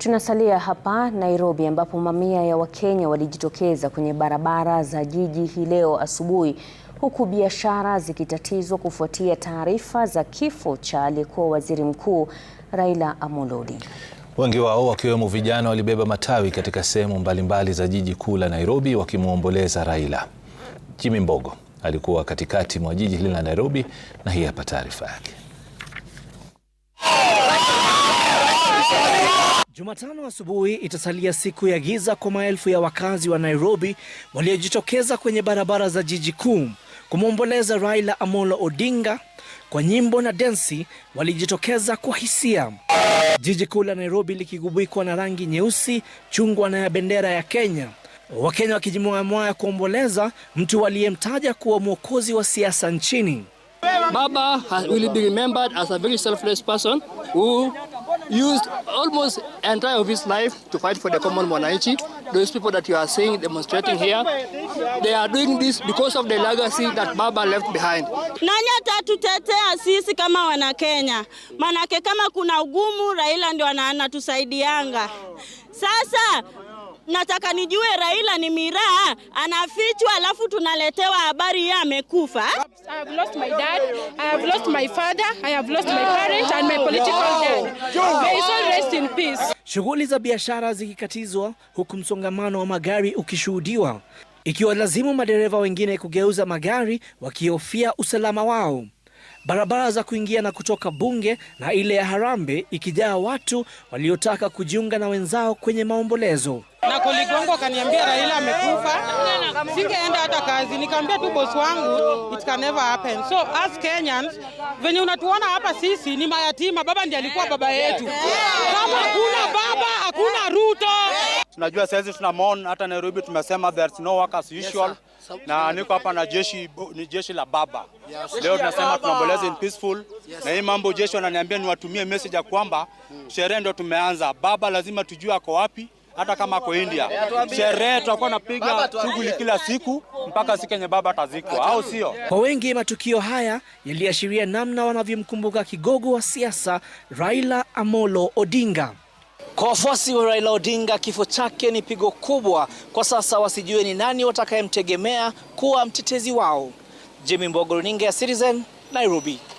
Tunasalia hapa Nairobi ambapo mamia ya Wakenya walijitokeza kwenye barabara za jiji hii leo asubuhi huku biashara zikitatizwa kufuatia taarifa za kifo cha aliyekuwa Waziri Mkuu Raila Amolo Odinga. Wengi wao wakiwemo vijana walibeba matawi katika sehemu mbalimbali za jiji kuu la Nairobi wakimwomboleza Raila. Jimmy Mbogo alikuwa katikati mwa jiji hili la Nairobi na hii hapa taarifa yake. Jumatano asubuhi itasalia siku ya giza kwa maelfu ya wakazi wa Nairobi waliojitokeza kwenye barabara za jiji kuu kumwomboleza Raila Amolo Odinga. Kwa nyimbo na densi walijitokeza kwa hisia, jiji kuu la Nairobi likigubikwa na rangi nyeusi, chungwa na ya bendera ya Kenya, Wakenya wakijimwayamwaya kuomboleza mtu waliyemtaja kuwa mwokozi wa siasa nchini. Baba will be remembered as a very selfless person who used almost entire of his life to fight for the common mwananchi. Those people that you are seeing demonstrating here, they are doing this because of the legacy that Baba left behind. Nani atatutetea sisi kama wana kenya Manake kama kuna ugumu, Raila ndio anatusaidianga. Sasa nataka nijue Raila ni miraa anafichwa, alafu tunaletewa habari yeye amekufa. Shughuli za biashara zikikatizwa huku msongamano wa magari ukishuhudiwa ikiwa lazima madereva wengine kugeuza magari wakihofia usalama wao. Barabara za kuingia na kutoka Bunge na ile ya Harambee ikijaa watu waliotaka kujiunga na wenzao kwenye maombolezo na koligongo wangu akaniambia Raila amekufa, singeenda hata kazi. Nikaambia tu boss wangu it can never happen. So as Kenyans, venye unatuona hapa sisi ni mayatima, baba ndiye alikuwa baba yetu. Kama hakuna baba, hakuna Ruto. Tunajua saizi tuna mon hata Nairobi tumesema there's no work as usual na niko hapa na jeshi, ni jeshi la baba Leo tunasema tunaomboleza in peaceful Na hii mambo jeshi wananiambia niwatumie message ya kwamba sherehe ndo tumeanza, baba lazima tujue ako wapi hata kama ko India, sherehe tutakuwa napiga shughuli kila siku mpaka siku yenye baba atazikwa, au sio? Kwa wengi, matukio haya yaliashiria namna wanavyomkumbuka kigogo wa siasa Raila Amolo Odinga. Kwa wafuasi wa Raila Odinga, kifo chake ni pigo kubwa. Kwa sasa wasijue ni nani watakayemtegemea kuwa mtetezi wao. Jimmy Mbogo, runinga ya Citizen, Nairobi.